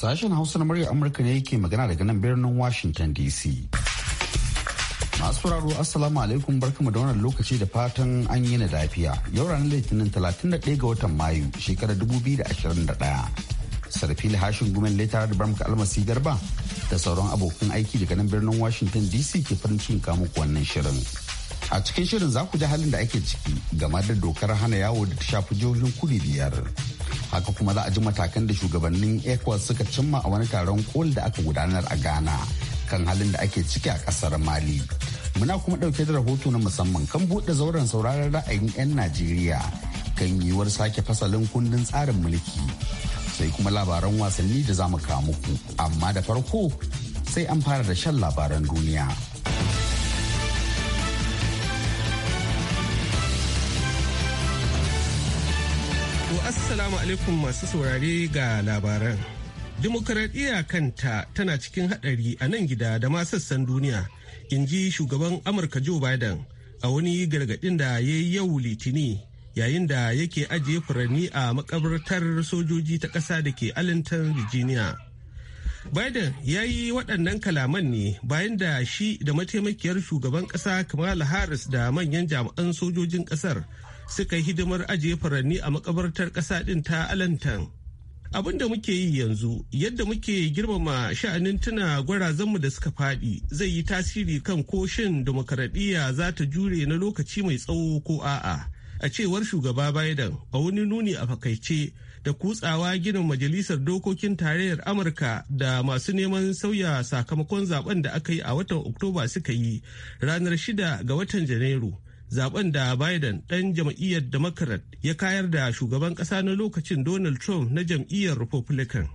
Sashen Hausa na murya Amurka ne yake magana daga nan birnin Washington DC. Masu sauraro Assalamu alaikum barkamu da wannan lokaci da fatan an yi na lafiya. Yau ranar Litinin 31 ga watan Mayu shekarar 2021. Sarfili hashin gumen letara da barmaka almasi garba da sauran abokan aiki daga nan birnin Washington DC ke farin cikin kamu wannan shirin. A cikin shirin za ku ji halin da ake ciki game da dokar hana yawo da ta shafi jihohin kudu biyar. haka kuma za a ji matakan da shugabannin ecowas suka cimma a wani taron kol da aka gudanar a ghana kan halin da ake ciki a kasar mali muna kuma dauke da rahoto na musamman kan buɗe zauren sauraron ra'ayin 'yan najeriya kan yiwuwar sake fasalin kundin tsarin mulki sai kuma labaran wasanni da za mu kawo muku amma da farko sai an fara da shan labaran duniya. Assalamu alaikum masu saurare ga labaran. Dimokuraɗiyya kanta tana cikin haɗari a nan gida da ma sassan duniya, in ji shugaban Amurka Joe Biden a wani gargaɗin da ya yi yau litini yayin da yake ajiye furanni a makabartar sojoji ta ƙasa da ke Allentown, Virginia. Biden ya yi waɗannan kalaman ne bayan da shi da mataimakiyar shugaban ƙasa Kamala Harris da manyan jami'an sojojin ƙasar suka yi hidimar ajiye furanni a makabartar ƙasa ɗin ta alantan abin da muke yi yanzu yadda muke girmama sha'anin tuna gwarazanmu da suka faɗi zai yi tasiri kan koshin demokaradiyya za ta jure na lokaci mai tsawo ko a'a a cewar shugaba biden a wani nuni a fakaice da kutsawa ginin majalisar dokokin tarayyar amurka da masu neman sauya sakamakon zaben da aka yi a watan oktoba suka yi ranar shida ga watan janairu zaben da Biden ɗan jam'iyyar Democrat ya kayar da shugaban ƙasa na lokacin Donald Trump na jam'iyyar Republican.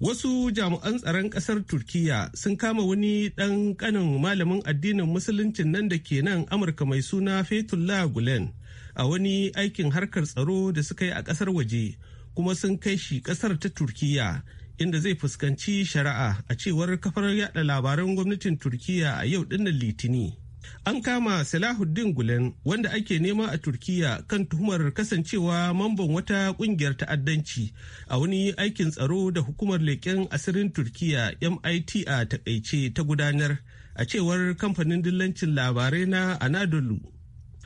Wasu jami'an tsaron ƙasar Turkiyya sun kama wani ɗan ƙanin malamin addinin musuluncin nan da ke nan Amurka mai suna Fethullah Gulen a wani aikin harkar tsaro da suka yi a ƙasar waje kuma sun kai shi ƙasar ta Turkiyya inda zai fuskanci shari'a a cewar kafar yada labaran gwamnatin Turkiyya a yau dinnan Litini. An kama Salahuddin Gulen wanda ake nema a Turkiyya, kan tuhumar kasancewa mamban wata kungiyar ta'addanci a wani aikin tsaro da hukumar leƙen asirin Turkiya MIT a takaice ta gudanar a cewar kamfanin dillancin labarai na Anadolu.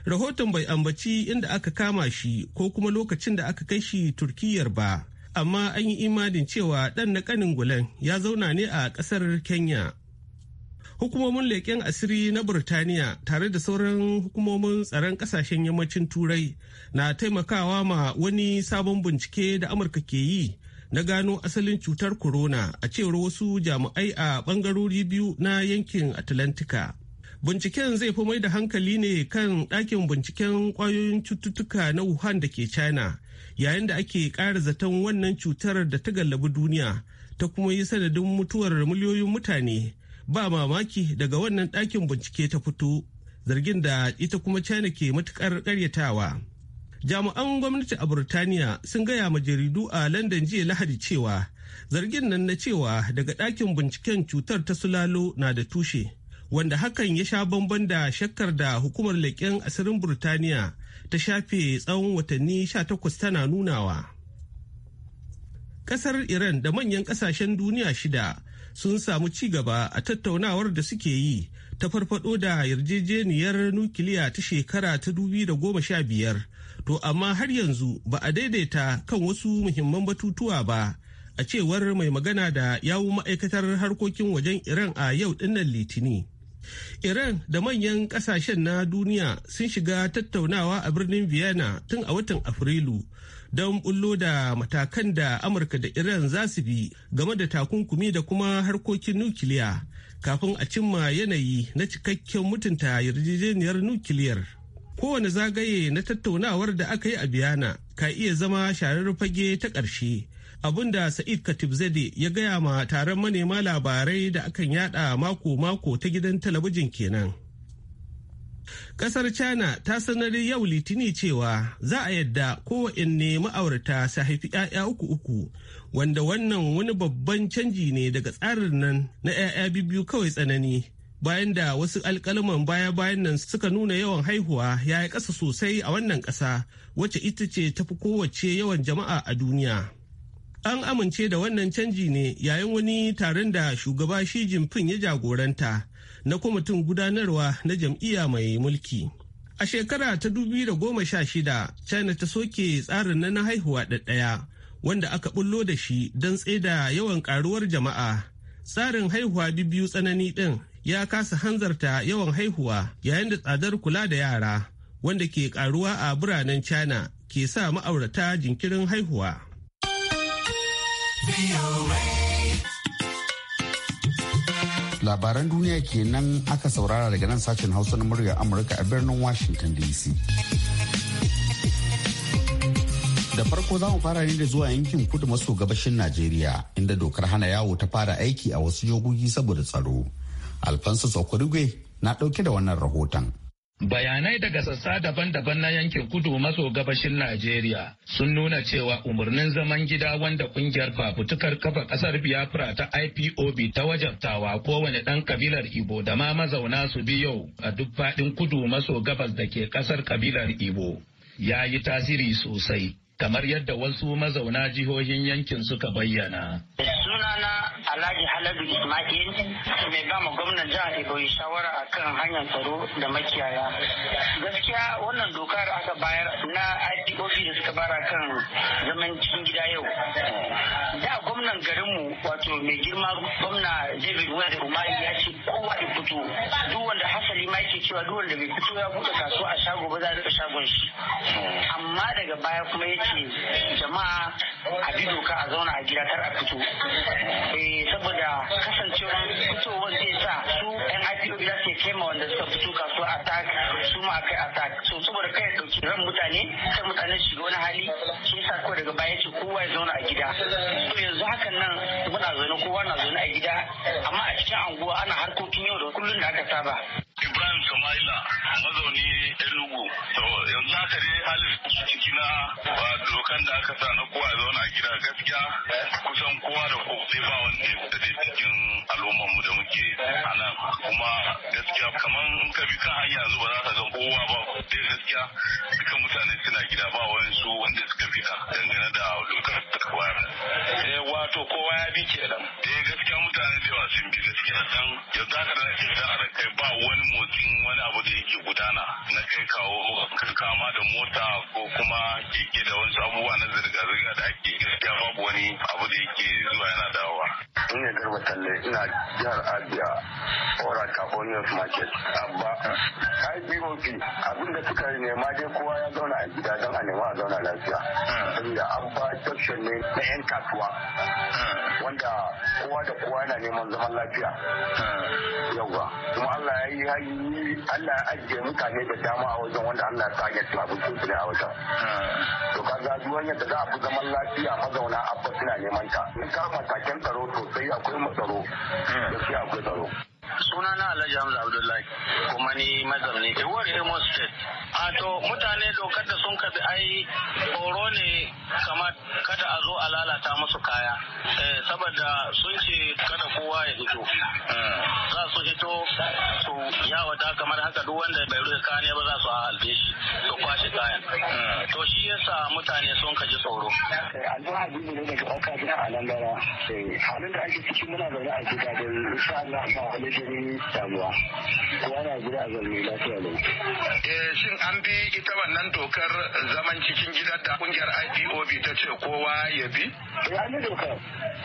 Rahoton bai ambaci inda aka kama shi ko kuma lokacin da aka kai shi Turkiyar ba, amma an yi imanin cewa ɗan na ƙanin Gulen ya zauna ne a ƙasar Kenya. hukumomin leƙen asiri na burtaniya tare da sauran hukumomin tsaron ƙasashen yammacin turai na taimakawa ma wani sabon bincike da amurka ke yi na gano asalin cutar corona a cewar wasu jami'ai a bangarori biyu na yankin atlantika binciken zai fi mai da hankali ne kan ɗakin binciken ƙwayoyin cututtuka na wuhan da ke china yayin da ake ƙara zaton wannan cutar da ta gallabi duniya ta kuma yi sanadin mutuwar miliyoyin mutane ba mamaki daga wannan ɗakin bincike ta fito zargin da ita kuma china ke matukar karyatawa jami'an gwamnati a burtaniya sun gaya ma jaridu a london jiya lahadi cewa zargin nan na cewa daga ɗakin binciken cutar ta sulalo na da tushe wanda hakan ya sha bamban da shakkar da hukumar leƙen asirin burtaniya ta shafe tsawon watanni 18 tana nunawa ƙasar iran da manyan ƙasashen duniya shida sun samu ci gaba a tattaunawar da suke yi ta farfado da yarjejeniyar nukiliya ta shekara ta da goma sha biyar, to amma har yanzu ba a daidaita kan wasu muhimman batutuwa ba a cewar mai magana da yawun ma'aikatar harkokin wajen iran a yau dinnan litini iran da manyan kasashen na duniya sun shiga tattaunawa a birnin vienna tun a watan afrilu don bullo da matakan da amurka da iran za su bi game da takunkumi da kuma harkokin nukiliya kafin a cimma yanayi na cikakken mutunta yarjejeniyar nukiliyar kowane zagaye na tattaunawar da aka yi a biyana ka iya zama sharar fage ta ƙarshe abin da sa'id katib zade ya gaya ma taron manema labarai da akan yada mako-mako ta gidan talabijin kenan. Kasar China ta sanar yau litini cewa za a yadda kowanne ma'aurata su haifi 'ya'ya uku uku wanda wannan wani babban canji ne daga tsarin nan na 'ya'ya biyu kawai tsanani bayan da wasu alkalaman baya-bayan nan suka nuna yawan haihuwa ya yi ƙasa sosai a wannan ƙasa wacce ita ce tafi kowace yawan jama'a a duniya. An amince da wannan canji ne yayin wani taron da shugaba Xi Jinping ya jagoranta na kwamitin gudanarwa na jam'iyya mai mulki. A shekara ta da goma sha shida, China ta soke tsarin na haihuwa ɗaya wanda aka bullo da shi don tsaida yawan karuwar jama'a. Tsarin haihuwa biyu tsanani ɗin ya kasa hanzarta yawan haihuwa yayin da tsadar kula da yara wanda ke karuwa a biranen China ke sa ma'aurata jinkirin haihuwa. labaran duniya kenan aka saurara daga nan sashen hausa na murya amurka a birnin washington dc da farko za mu fara ne da zuwa yankin kudu maso gabashin najeriya inda dokar hana yawo ta fara aiki a wasu jogogi saboda tsaro alfonso okurigwe na dauke da wannan rahoton Bayanai daga sassa daban-daban na yankin kudu maso gabashin Najeriya sun nuna cewa umarnin zaman gida wanda kungiyar fafutukar kafa kasar Biafra ta IPOB ta wajabtawa kowane ɗan kabilar Ibo da ma mazauna su bi yau a duk faɗin kudu maso gabas da ke kasar kabilar Ibo ya yi tasiri sosai kamar yadda wasu mazauna jihohin yankin suka bayyana. Sunana Alhaji Haladu Ismail mai ba mu gwamnan jihar Iboyi shawara a kan hanyar tsaro da makiyaya. Gaskiya wannan dokar da aka bayar na IPOB da suka bara kan zaman cikin gida yau. Da gwamnan garinmu wato mai girma gwamna David Wade Umari ya ce kowa ya fito duk wanda hasali ma yake cewa duk wanda bai fito ya buɗe kasuwa a shago ba za a shagon shi. Amma daga baya kuma ya ce jama'a a bi doka a zauna a gida kar a fito. Eh, saboda kasancewa fitowar zai sa su yan ipo da ke kai wanda suka fito kasuwa attack su ma akai attack so saboda kai dauki ran mutane sai mutane shiga wani hali shi yasa ko daga baya ce kowa ya zauna a gida to yanzu hakan nan muna zaune kowa na zaune a gida amma a cikin anguwa ana harkokin yau da kullun da aka saba Ibrahim Samaila mazauni Enugu. To yanzu haka dai halin ciki na dokan da aka sa na kowa zauna gida gaskiya kusan kowa da kowa ba wanda ya fita da cikin al'ummar mu da muke ana kuma gaskiya Kamar in ka bi kan hanya yanzu ba za ka ga kowa ba dai gaskiya duka mutane suna gida ba wani su wanda suka kan. dangane da dokar da ta bayar. Eh wato kowa ya bi kenan. Eh gaskiya mutane da yawa sun bi gaskiya dan yanzu haka da nake da kai ba wani motsin wani abu da yake gudana na kai kawo kama da mota ko kuma keke da wasu abubuwa na zirga-zirga da ake gaskiya babu wani abu da yake zuwa yana dawowa. Ni ne garba talle ina jihar Abia Ora California Market Abba. IBOP abin da suka yi nema dai kowa ya zauna a gida don a nema a zauna lafiya. Hmm. Saboda Abba junction ne na 'yan kasuwa. Hmm. Wanda kowa da kowa yana neman zaman lafiya. Hmm. Yauwa. Kuma Allah ya yi yi Allah ajiye mutane da dama a wajen wanda Allah ta ya ci abin sosai a wajen. Hmm. To ka ga duk da za a fi zaman lafiya mazauna abba suna neman ta. In ka matakin tsaro sosai akwai matsaro. Da hmm. shi akwai tsaro. suna na Alhaji Hamza Abdullahi kuma ni mazamni Iwar Imo State. A to mutane dokar da sun kabi ai tsoro ne kamar kada a zo a lalata musu kaya. Eh, saboda sun ce kada kowa ya hito. Hmm. Za su hito su yawata kamar haka duk wanda bai rufe kane ba za su halbe shi su kwashe kayan. Hmm. To shi yasa mutane sun kaji tsoro. Eh, Alhaji Abdullahi ne daga Okada a Lambara. Eh, halin da ake ciki muna zaune a gidajen insha Allah ba wani jini samuwa kowa na gida a zalmi lafiya ne. Eh, shin an bi ita wannan dokar zaman cikin gida da kungiyar ipob ta ce kowa ya bi? ya eh, ne dokar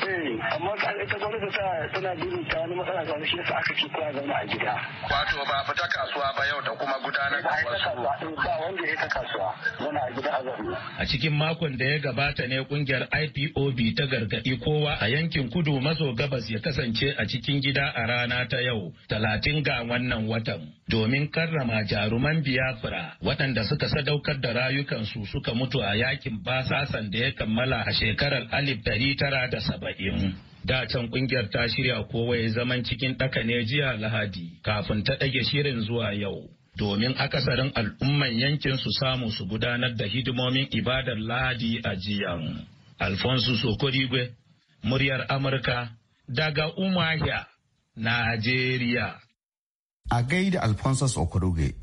eh, amma ita gwamnati ta tana bin ta wani matsala ga shi yasa aka ci kowa zama a gida. wato ba fita kasuwa ba yau da kuma gudanar da wasu. ba wanda ya ta kasuwa zauna a gida a zalmi a cikin makon da ya gabata ne kungiyar ipob ta gargaɗi kowa a yankin kudu maso gabas ya kasance a cikin gida a rana ta yau talatin ga wannan watan domin karrama jaruman Biyafra, waɗanda suka sadaukar da rayukansu suka mutu a yakin basasan da ya kammala a shekarar alif ɗari tara da saba'in. Da can kungiyar ta shirya kowai zaman cikin ɗaka ne jiya Lahadi kafin ta ɗage shirin zuwa yau. domin akasarin al'umman yankin su samu su gudanar da hidimomin ibadar lahadi a jiyan. Alfonso Sokorigwe, muryar Amurka, daga Umahia, Najeriya. A gaida Alphonsus Okoroge,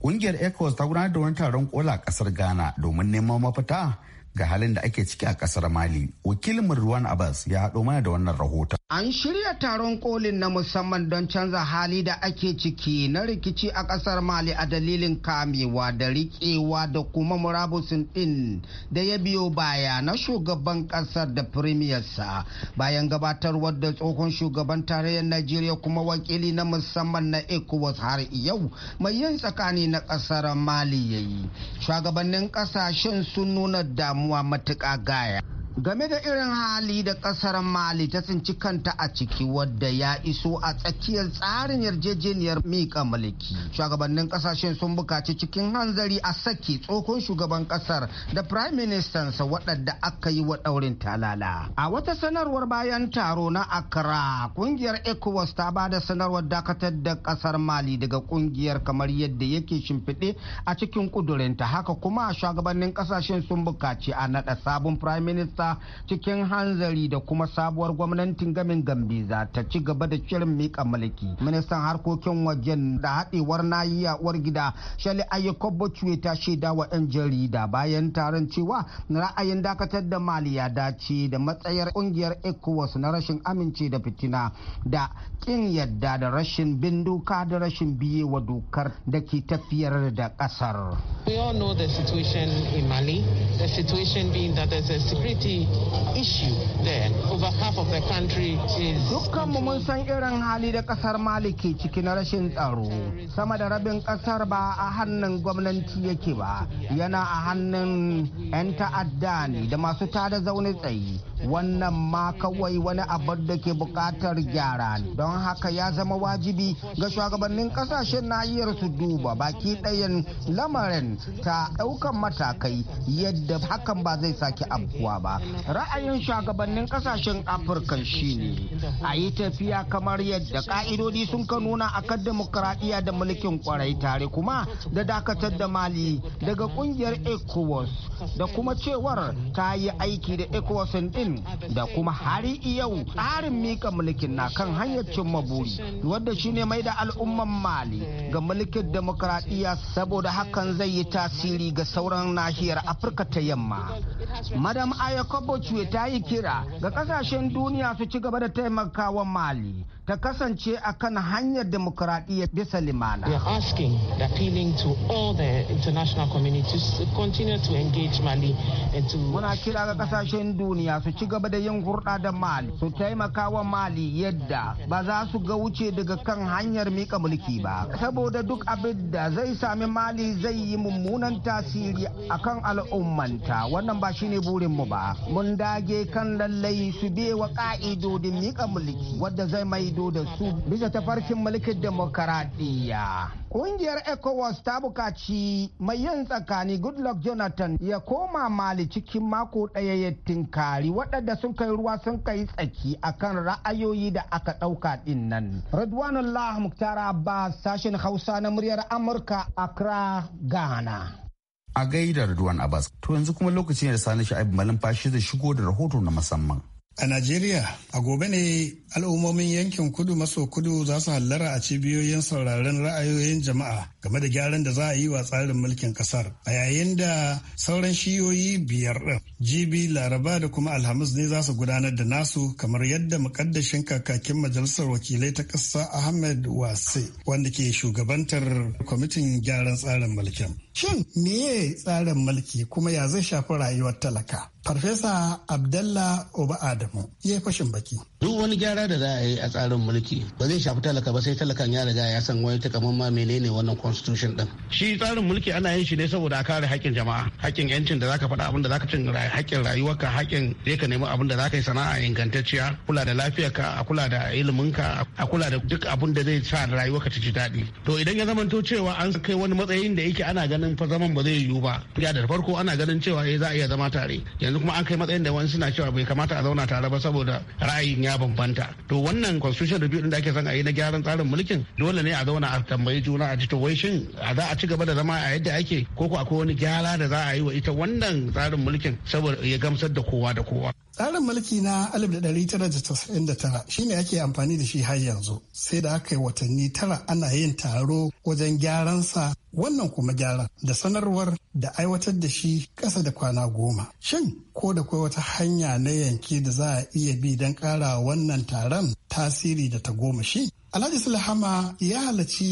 ƙungiyar Ecos ta gudanar da wani taron ƙola ƙasar Ghana domin neman mafita ga halin da ake ciki a kasar Mali. Wakilin Ruwan Abbas ya haɗo mana da wannan rahoton. An shirya taron kolin na musamman don canza hali da ake ciki na rikici a kasar Mali a dalilin kamewa da riƙewa da kuma murabusin ɗin da ya biyo baya na shugaban kasar da firimiyarsa bayan gabatarwar da tsohon shugaban tarayyar Najeriya kuma wakili na musamman na ECOWAS har yau mai yin tsakani na kasar Mali ya yi Shugabannin kasashen sun nuna damu damuwa matuƙa gaya. game da irin hali da kasar mali ta tsinci kanta a ciki wadda ya iso a tsakiyar tsarin yarjejeniyar mika mulki shugabannin kasashen sun bukaci cikin hanzari a saki tsohon shugaban kasar da prime Minister sa waɗanda aka yi wa ɗaurin talala a wata sanarwar bayan taro na accra kungiyar ecowas ta ba da sanarwar dakatar da kasar mali daga kungiyar kamar yadda yake shimfiɗe a cikin kudurinta haka kuma shugabannin kasashen sun bukaci a naɗa sabon prime minister ƙasa cikin hanzari da kuma sabuwar gwamnatin gamin Gambiza ta ci gaba da shirin mika mulki. Ministan harkokin wajen da haɗewar nahiya uwar gida Shali cuwe ta shaida wa 'yan jarida bayan taron cewa ra'ayin dakatar da Mali ya dace da matsayar ƙungiyar ECOWAS na rashin amince da fitina da ƙin yadda da rashin bin doka da rashin biye wa dokar da ke tafiyar da ƙasar. We all know the situation in Mali, the situation being that there's a security the issue Dukkanmu mun san irin hali da kasar Mali ke ciki na rashin tsaro. Sama da rabin kasar ba a hannun gwamnati yake ba, yana a hannun 'yan ta'adda ne da masu tada zaune tsaye. Wannan ma kawai wani abu da ke bukatar gyara ne. Don haka ya zama wajibi ga shugabannin kasashen nahiyar su duba baki ɗayan lamarin ta ɗaukan matakai yadda hakan ba zai sake abuwa ba. ra'ayin shugabannin kasashen afirka shine a yi tafiya kamar yadda ka'idodi sun ka nuna a kan demokuraɗiyya da mulkin kwarai tare kuma da dakatar da mali daga kungiyar ecowas da kuma cewar ta yi aiki da ecowas din da kuma hari yau tsarin mika mulkin na kan hanyar cimma buri wadda shine mai da al'umman mali ga mulkin demokuraɗiyya saboda hakan zai yi tasiri ga sauran nahiyar afirka ta yamma madam ayok Yakobo ta yi kira ga kasashen duniya su ci gaba da taimakawa Mali ta kasance a kan hanyar demokuraɗiyya bisa limana. We are asking the appealing to all the international communities to continue to engage Mali and to... Muna kira ga kasashen duniya su ci gaba da yin hurɗa da Mali su taimaka wa Mali yadda ba za su ga wuce daga kan hanyar mika mulki ba. Saboda duk abin da zai sami Mali zai yi mummunan tasiri akan al'ummanta wannan ba shine burinmu ba. Mun dage kan lallai su biye wa ƙa'idodin miƙa mulki wadda zai maido da su bisa tafarkin mulkin demokaradiyya. kungiyar ECOWAS ta bukaci mai yin tsakani Goodluck Jonathan ya koma Mali cikin mako ɗaya ya tinkari waɗanda sun kai ruwa sun kai tsaki akan ra'ayoyi da aka ɗauka ɗin nan. Radwanullah Muktar ba sashen Hausa na muryar Amurka Accra, Ghana. A gaidar Radwan Abbas, to yanzu kuma lokaci ne da sani sha'ib fashi zai shigo da rahoto na musamman. A Najeriya, a gobe ne al'ummomin yankin kudu maso kudu za su hallara a cibiyoyin sauraron ra'ayoyin jama'a game da gyaran da za a yi wa tsarin mulkin kasar. A yayin da sauran shiyoyi biyar ɗin, jibi laraba da kuma alhamis ne za su gudanar da nasu kamar yadda mukaddashin kakakin majalisar wakilai ta ƙasa Ahmed Wase wanda ke shugabantar kwamitin gyaran tsarin mulkin. Shin meye tsarin mulki kuma ya zai shafi rayuwar talaka? Farfesa Abdallah Oba Adamu ya yi fashin baki. duk wani gyara da za a yi a tsarin mulki ba zai shafi talaka ba sai talakan ya riga ya san wani takamman ma menene wannan constitution din shi tsarin mulki ana yin shi ne saboda a kare haƙƙin jama'a haƙƙin yancin da zaka faɗa abinda zaka cin haƙƙin rayuwarka haƙƙin da ka nemi abinda da zaka yi sana'a ingantacciya kula da lafiyarka a kula da iliminka a kula da duk abin da zai sa rayuwarka ta ji daɗi to idan ya zamanto cewa an kai wani matsayin da yake ana ganin fa zaman ba zai yiwu ba ya da farko ana ganin cewa eh za a iya zama tare yanzu kuma an kai matsayin da wani suna cewa bai kamata a zauna tare ba saboda ra'ayin ya ya bambanta to wannan constitution review din da ake son a yi na gyaran tsarin mulkin dole ne a zauna a tambayi juna a tito wai shin a za a ci gaba da zama a yadda ake ko ko akwai wani gyara da za a yi wa ita wannan tsarin mulkin saboda ya gamsar da kowa da kowa tsarin mulki na 1999 shine ake amfani da shi har yanzu sai da aka yi watanni tara ana yin taro wajen gyaran sa. wannan kuma gyaran da sanarwar da aiwatar da shi ƙasa da kwana goma shin ko da kai wata hanya na yanke da za a iya bi don ƙara wannan taron tasiri da ta goma shi Alhaji Sulhama ya halarci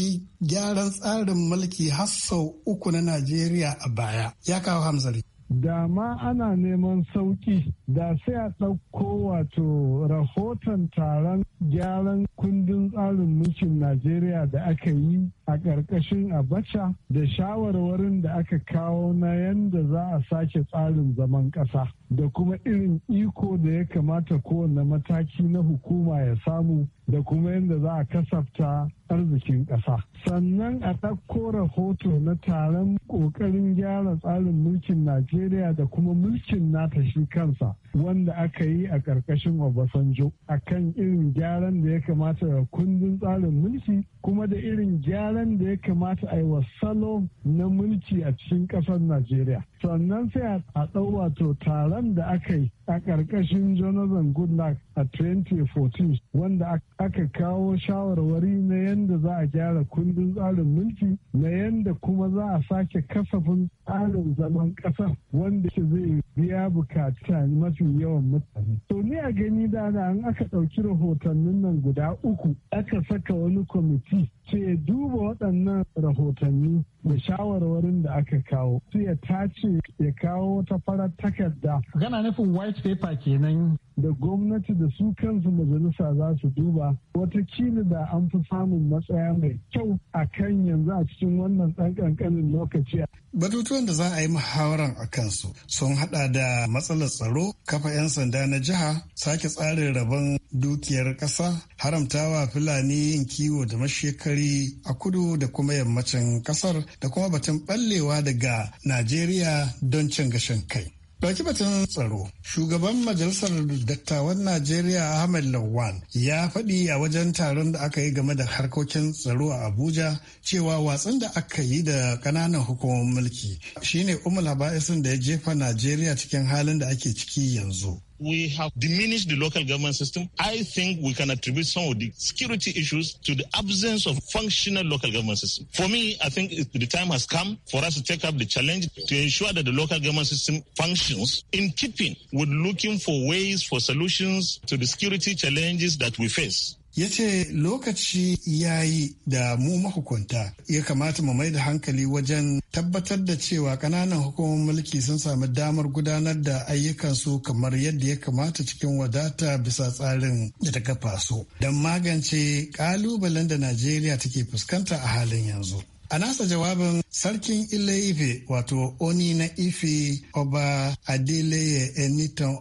gyaran tsarin mulki har sau uku na Najeriya a baya. Ya kawo hamzari. da ma ana neman sauki da sai a ɗauko wato rahoton taron gyaran kundin tsarin mulkin najeriya da aka yi a ƙarƙashin abacha da shawarwarin da aka kawo na yadda za a sake tsarin zaman ƙasa da kuma irin iko da ya kamata kowane mataki na hukuma ya samu da kuma yadda za a kasafta arzikin ƙasa. Sannan a ɗauko rahoto na taron ƙoƙarin gyara tsarin mulkin Najeriya da kuma mulkin nata shi kansa wanda aka yi a ƙarƙashin Obasanjo a kan irin gyaran da ya kamata kundin tsarin mulki kuma da irin gyaran wanda da ya kamata a yi wa salo na mulki a cikin ƙasar najeriya sannan sai a ɗau wato taron da aka yi a ƙarƙashin jonathan goodluck a 2014 wanda aka kawo shawarwari na yadda za a gyara kundin tsarin mulki na yadda kuma za a sake kasafin tsarin zaman ƙasar wanda zai biya bukata mafi yawan mutane to ni a gani da an aka ɗauki rahotannin nan guda uku aka saka wani kwamiti sai duba waɗannan rahotanni da shawarwarin da aka kawo su ya tace ya kawo wata farar takarda gana nufin white paper kenan da gwamnati da su kansu majalisa za su duba wata kila da an fi samun matsaya mai kyau a kan yanzu a cikin wannan ɗan ƙanƙanin lokaci. Batutuwan da za a yi muhawaran a kansu sun haɗa da matsalar tsaro, kafa 'yan sanda na jiha, sake tsarin rabon dukiyar ƙasa, haramtawa Fulani yin kiwo da mashekari a kudu da kuma yammacin ƙasar da kuma batun ɓallewa daga Najeriya don cin gashin kai. Ɗauki batun tsaro, shugaban majalisar dattawan Najeriya Ahmed Lawan ya faɗi a wajen taron da aka yi game da harkokin tsaro a Abuja cewa watsin da aka yi da ƙananan hukumar mulki shine umar habaisin da ya jefa Najeriya cikin halin da ake ciki yanzu. we have diminished the local government system, I think we can attribute some of the security issues to the absence of functional local government system. For me, I think the time has come for us to take up the challenge to ensure that the local government system functions in keeping with looking for ways for solutions to the security challenges that we face. ya ce lokaci ya yi da mu mahukunta ya kamata mu mai da hankali wajen tabbatar da cewa ƙananan hukumomin mulki sun sami damar gudanar da ayyukansu kamar yadda ya kamata cikin wadata bisa tsarin da ta kafa su don magance ƙalubalen da najeriya take fuskanta a halin yanzu A nasa jawabin sarkin Ile-Ife wato Oni na Ife Oba Adeleye Enitan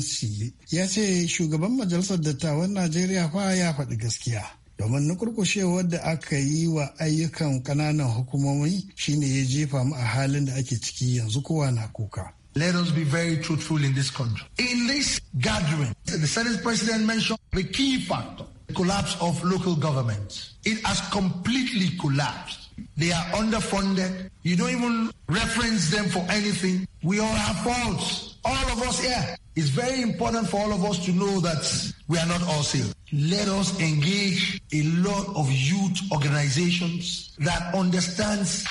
siye ya ce shugaban majalisar dattawan Najeriya fa ya faɗi gaskiya. Domin na kurkushewar da aka yi wa ayyukan ƙananan hukumomi shine ya jefa mu a halin da ake ciki yanzu kowa na kuka. Let us be very truthful in this country. In this gathering, the Senate President mentioned the key factor, the collapse of local government. It has completely collapsed. They are underfunded. You don't even reference them for anything. We all have faults. All of us here. It's very important for all of us to know that we are not all sale. Let us engage a lot of youth organizations that understands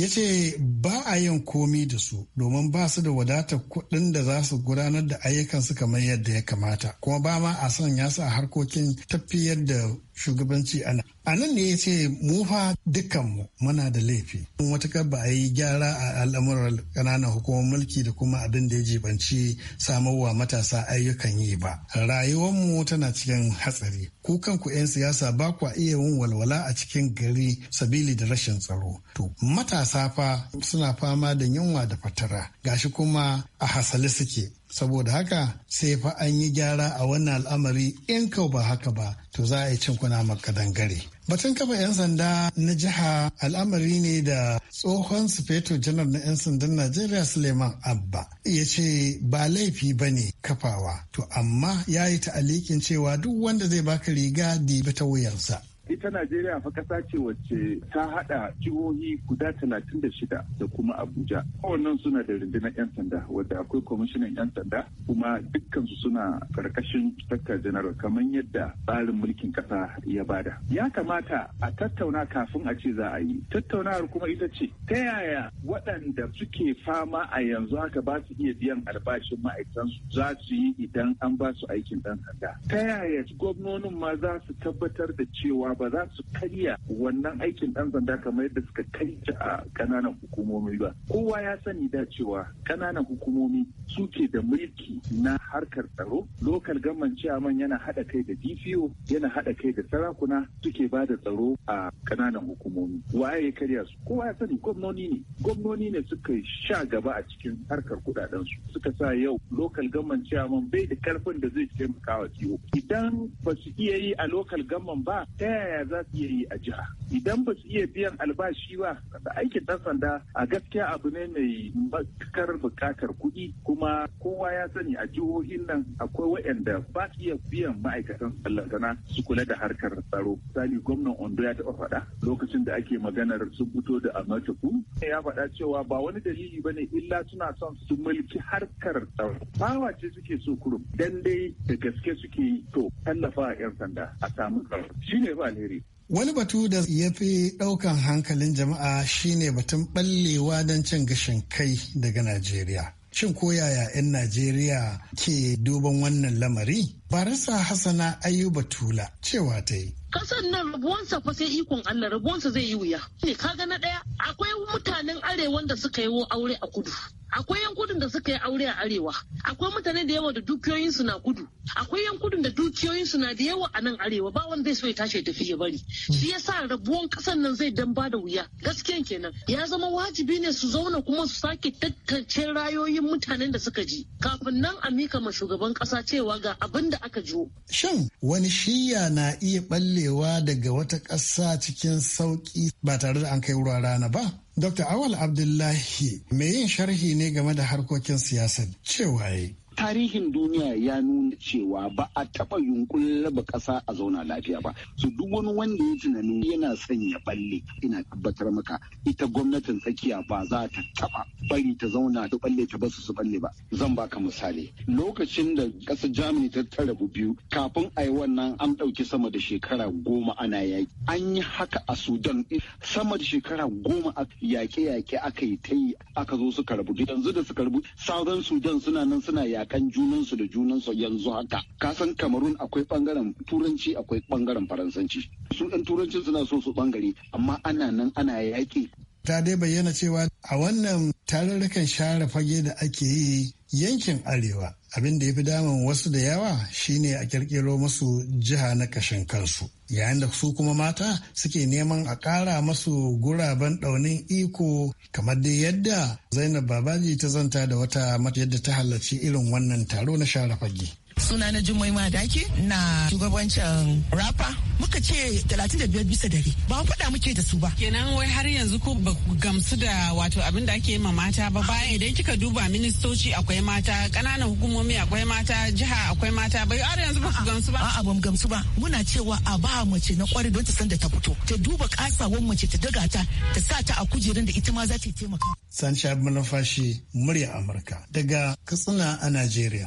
ya ce ba a yin komi da su domin ba su da wadata kuɗin da za su gudanar da ayyukan su kamar yadda ya kamata kuma ba ma a son ya sa harkokin tafiyar da shugabanci a nan. A nan ne ya ce mu fa dukkanmu muna da laifi. Wata ba a yi gyara a al'amuran ƙananan hukumar mulki da kuma abin da ya jibanci samarwa matasa ayyukan yi ba. Rayuwarmu tana cikin hatsari. Ku kanku 'yan siyasa ba kwa iya yin walwala a cikin gari sabili da rashin tsaro. To matasa Safa suna fama da yunwa da fatara gashi kuma a hasali suke saboda haka sai fa an yi gyara a wannan al'amari in kau ba haka ba to za a yi cin kuna makadangare batun kafa 'yan sanda na jiha al'amari ne da tsohon sufeto janar na 'yan sandan najeriya suleiman abba ya ce ba laifi ba ne kafawa to amma ya yi ta'alikin cewa duk wanda zai baka riga dibi ta wuyansa ita najeriya fa kasa ce wacce ta hada jihohi guda talatin da shida da kuma abuja kowannen suna da rundunar yan sanda wadda akwai kwamishinan yan sanda kuma dukkansu suna karkashin sakka janar kamar yadda tsarin mulkin kasa ya bada ya kamata a tattauna kafin a ce za a yi tattaunawar kuma ita ce ta yaya waɗanda suke fama a yanzu haka ba su iya biyan albashin ma'aikatansu za su yi idan an ba su aikin ɗan sanda ta yaya gwamnonin ma za su tabbatar da cewa ba za su karya wannan aikin ɗan sanda kamar yadda suka karya a ƙananan hukumomi ba kowa ya sani da cewa ƙananan hukumomi suke da mulki na harkar tsaro lokal gaman ciyaman yana haɗa kai da dpo yana haɗa kai da sarakuna suke ba da tsaro a ƙananan hukumomi waye ya karya su kowa ya sani gwamnoni ne gwamnoni ne suka sha gaba a cikin harkar kuɗaɗen su suka sa yau lokal gaman ciyaman bai da karfin da zai taimaka wa ciwo e idan ba su iya yi a lokal gaman ba ta yaya za su iya yi a jiha idan ba su iya biyan albashi ba da aikin ɗan sanda a gaskiya abu ne mai matukar buƙatar kuɗi kuma kowa ya sani a jihohin nan akwai waɗanda ba su iya biyan ma'aikatan sallantana su kula da harkar tsaro misali gwamnan ondo ya taɓa faɗa lokacin da ake maganar sun fito da amatuku ya faɗa cewa ba wani dalili ba ne illa suna son su mulki harkar tsaro bawa ce suke so kurum dan dai da gaske suke yi to tallafa 'yan sanda a samu tsaro ne ba alheri Wani batu da ya fi ɗaukan hankalin jama'a shine batun ɓallewa don cin gashin kai daga Najeriya. Shin ko yaya 'yan Najeriya ke duban wannan lamari? Barasa Hassana Ayuba Tula cewa ta yi. kasan nan rabuwansa fa sai ikon Allah rabuwansa zai yi wuya ne kaga na ɗaya? akwai mutanen arewan da suka yi aure a kudu akwai kudu da suka yi aure a arewa akwai mutane da yawa da dukiyoyinsu na kudu akwai kudu da dukiyoyinsu na da yawa a nan arewa ba wanda zai so ya tashi ya tafi ya bari shi yasa rabuwan kasan nan zai dan da wuya gaskiyan kenan ya zama wajibi ne su zauna kuma su sake tattance rayoyin mutanen da suka ji kafin nan a mika ma shugaban kasa cewa ga abin da aka jiwo shin wani shiya na iya balle tserewa daga wata ƙasa cikin sauƙi ba tare da an kai ruwa rana ba? Dr. Awal Abdullahi mai yin sharhi ne game da harkokin siyasar cewa tarihin duniya ya nuna cewa ba a taɓa yunkurin raba ƙasa a zauna lafiya ba su duk wani wanda ya tunanin yana son ya balle ina tabbatar maka ita gwamnatin tsakiya ba za ta taɓa bari ta zauna ta balle ta basu su balle ba zan baka misali lokacin da ƙasar germany ta tara biyu kafin a yi wannan an ɗauki sama da shekara goma ana yaƙi an yi haka a sudan sama da shekara goma yaƙe-yaƙe aka yi ta yi aka zo suka rabu yanzu da suka rabu sauran sudan suna nan suna yaƙi yakan junansu da junansu yanzu haka kasan kamarun akwai bangaren turanci akwai bangaren faransanci su ɗan turancin suna so su bangare amma ana nan ana yaƙi ta dai bayyana cewa a wannan tarurrukan share fage da ake yi yankin arewa abin da ya fi damun wasu da yawa shine a kirkiro masu jiha na kashin kansu yayin da su kuma mata suke neman a kara masu guraben daunin iko kamar dai yadda zainab babaji ta zanta da wata mata yadda ta halarci irin wannan taro na share fage suna na Jummai Madaki na shugabancin rapa muka ce 35 bisa dare ba faɗa muke da su ba. Kenan wai har yanzu ko ba gamsu da wato abin da ake yi ma mata ba ba idan kika duba ministoci akwai mata ƙananan hukumomi akwai mata jiha akwai mata bai har yanzu ba su gamsu ba. A'a ba mu gamsu ba muna cewa a ba mace na kwari don ta san da ta fito ta duba kasawan mace ta daga ta ta sa ta a kujerin da ita ma za ta taimaka. Sanshar manufashi murya Amurka daga Katsina a Najeriya.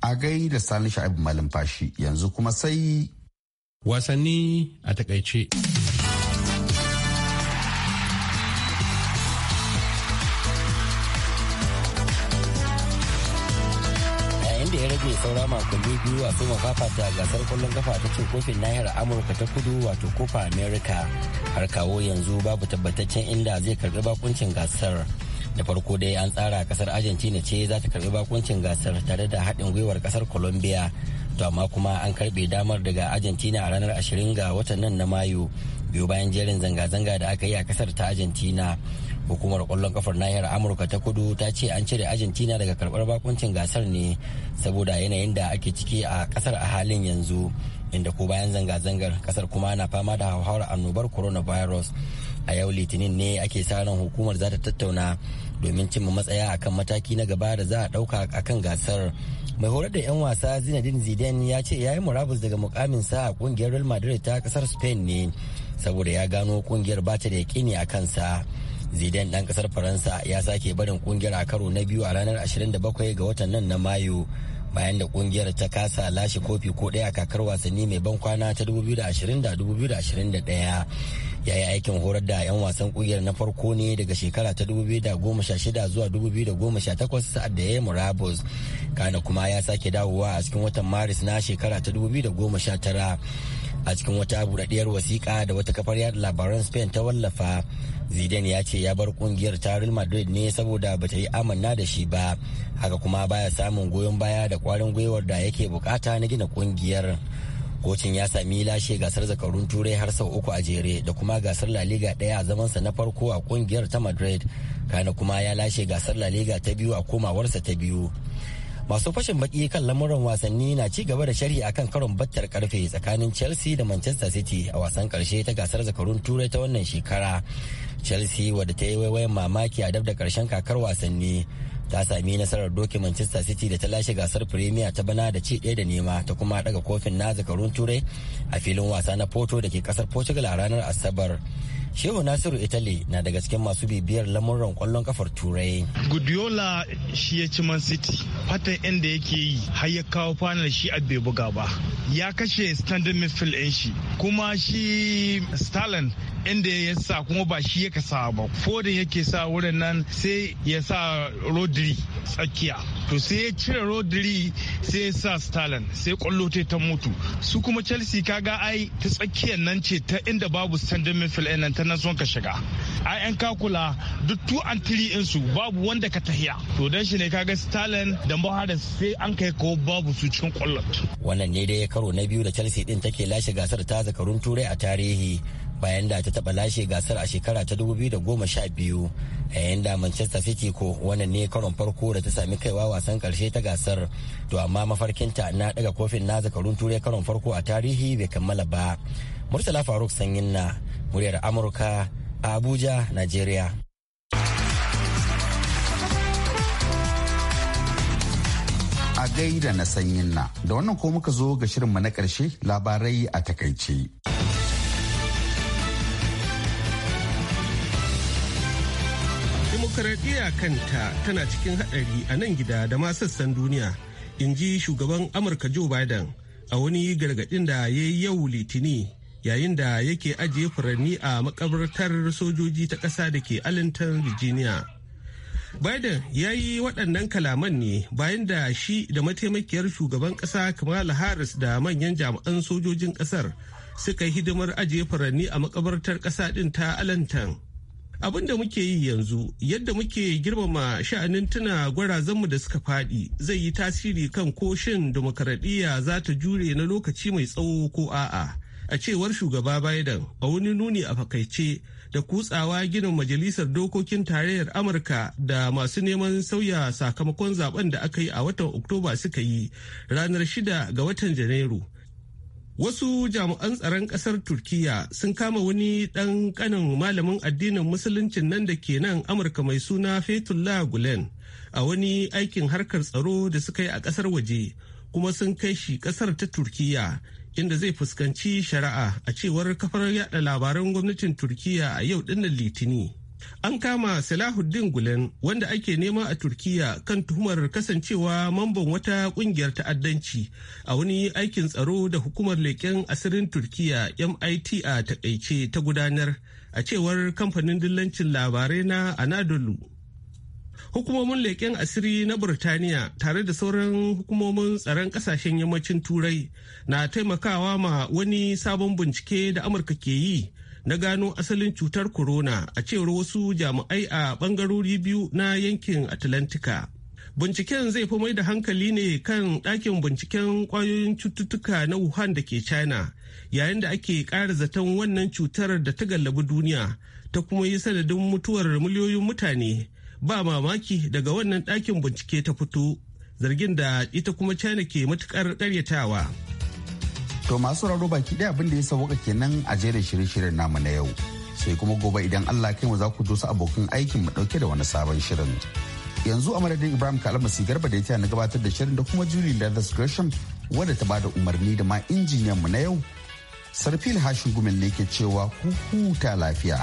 A gai da Sani Sha'ib Malam Fashi yanzu kuma sai. Wasanni a takaice. rage saura makonni biyu a soma fafata gasar kwallon kafa ta cin kofin nahiyar amurka ta kudu wato kofa america har kawo yanzu babu tabbataccen inda zai karbi bakuncin gasar da farko dai an tsara kasar argentina ce za ta karbi bakuncin gasar tare da haɗin gwiwar kasar colombia to amma kuma an karbe damar daga argentina a ranar 20 ga watan nan na mayu biyu bayan jerin zanga-zanga da aka yi a kasar ta argentina hukumar kwallon kafar nahiyar amurka ta kudu ta ce an cire argentina daga karbar bakuncin gasar ne saboda yanayin da ake ciki a kasar a halin yanzu inda ko bayan zanga-zangar kasar kuma na fama da hauhawar annobar coronavirus a yau litinin ne ake sa ran hukumar za ta tattauna domin cimma matsaya akan mataki na gaba da za a ɗauka akan gasar mai horar da 'yan wasa zinedine zidane ya ce ya yi murabus daga mukaminsa a kungiyar real madrid ta kasar spain ne saboda ya gano kungiyar bata da yakini a kansa zidane dan kasar faransa ya sake barin kungiyar a karo na biyu a ranar 27 ga watan nan na mayu bayan da kungiyar ta kasa lashe kofi ko daya a kakar wasanni mai ban kwana ta 2020-2021 ya yi aikin horar da 'yan wasan kungiyar na farko ne daga shekara ta 2016 zuwa 2018 sa'ad da ya yi murabus kana kuma ya sake dawowa a cikin watan maris na shekara ta 2019 a cikin wata buɗaɗɗiyar wasiƙa da wata kafar yada labaran spain ta wallafa zidane ya ce ya bar kungiyar ta real madrid ne saboda bata yi amanna da shi ba haka kuma baya samun goyon baya da kwarin gwiwar da yake bukata na gina kungiyar kocin ya sami lashe gasar zakarun turai har sau uku a jere da kuma gasar la liga daya a zamansa na farko a kungiyar ta madrid kana kuma ya lashe gasar la liga ta biyu a komawarsa ta biyu masu fashin baki kan lamuran wasanni na ci gaba da sharhi akan karon battar karfe tsakanin chelsea da manchester city a wasan karshe ta gasar zakarun turai ta wannan shekara chelsea wadda ta yi waiwayin mamaki a dab da karshen kakar wasanni ta sami nasarar doke manchester city da ta lashe gasar premier ta bana da ci ɗaya da nema ta kuma daga kofin na zakarun turai a filin wasa na porto da ke kasar portugal a ranar asabar Shehu Nasiru Italy na daga cikin masu bibiyar lamuran kwallon kafar Turai. Guardiola shi ya ci Man City. Fatan inda yake yi har ya kawo fanar shi a bai buga ba. Ya kashe standing midfield ɗin shi. Kuma shi Stalin inda ya sa kuma ba shi ya kasa ba. Foden yake sa wurin nan sai ya sa Rodri tsakiya. To sai ya cire Rodri sai ya sa Stalin sai kwallo ta mutu. Su kuma Chelsea kaga ai ta tsakiyar nan ce ta inda babu standing midfield ɗin nan nan sun ka shiga ai ka kula duk tu an tiri in su babu wanda ka tahiya to dan shi ne kaga stalin da bahada sai an kai ko babu su cikin kullum wannan ne dai karo na biyu da chelsea din take lashe gasar ta zakarun turai a tarihi bayan da ta taba lashe gasar a shekara ta 2012 yayin da manchester city ko wannan ne karon farko da ta sami kaiwa wasan karshe ta gasar to amma mafarkinta na daga kofin na zakarun turai karon farko a tarihi bai kammala ba murtala faruk sanyin na muryar Amurka a Abuja, Najeriya. A gaida na sanyin na, da wannan ko muka zo ga shirinmu na ƙarshe labarai a takaice. Dimokuraɗiyya kanta tana cikin haɗari a nan gida da ma sassan duniya, in ji shugaban Amurka Joe Biden a wani gargaɗin da ya yi yau litini yayin da yake ajiye furanni a makabartar sojoji ta ƙasa da ke Allentown, Virginia. Biden ya yi waɗannan kalaman ne bayan da shi da mataimakiyar shugaban ƙasa Kamala Harris da manyan jami'an sojojin ƙasar suka yi hidimar ajiye furanni a makabartar ƙasa ɗin ta Allentown. Abin da muke yi yanzu yadda muke girmama sha'anin tuna gwarazanmu da suka faɗi zai yi tasiri kan koshin demokaradiyya za ta jure na lokaci mai tsawo ko a'a. a cewar shugaba biden a wani nuni a fakaice da kutsawa ginin majalisar dokokin tarayyar amurka da masu neman sauya sakamakon zaben da aka yi a watan oktoba suka yi ranar 6 ga watan janairu wasu jami'an tsaron kasar turkiya sun kama wani ɗan ƙanin malamin addinin musuluncin nan da ke nan amurka mai suna fetullah gulen a wani aikin harkar tsaro da suka yi a ƙasar waje kuma sun kai shi ƙasar ta turkiya inda zai fuskanci shari'a a cewar kafar yada labaran gwamnatin turkiya a yau dinnan litini an kama salahuddin gulen wanda ake nema a turkiya kan tuhumar kasancewa mamban wata kungiyar ta'addanci a wani aikin tsaro da hukumar leƙen asirin turkiya mit a takaice ta gudanar a cewar kamfanin dillancin labarai na anadolu hukumomin leƙen asiri na burtaniya tare da sauran hukumomin tsaron ƙasashen yammacin turai na taimakawa ma wani sabon bincike da amurka ke yi na gano asalin cutar corona a cewar wasu jami'ai a bangarori biyu na yankin atlantika binciken zai fi mai da hankali ne kan ɗakin binciken ƙwayoyin cututtuka na wuhan da ke china yayin da ake ƙara zaton wannan cutar da ta gallabi duniya ta kuma yi sanadin mutuwar miliyoyin mutane ba mamaki daga wannan ɗakin bincike ta fito zargin da ita kuma china ke matukar karyatawa. to masu raro baki ɗaya abin da ya sauka kenan a jerin shirin shirin namu na yau sai kuma gobe idan allah kai mu za ku dosa abokan aikin mu ɗauke da wani sabon shirin yanzu a madadin ibrahim kalama garba da ya na gabatar da shirin da kuma julie leathers gresham wadda ta bada umarni da ma injiniyan mu na yau sarfil hashin gumin ne ke cewa ku huta lafiya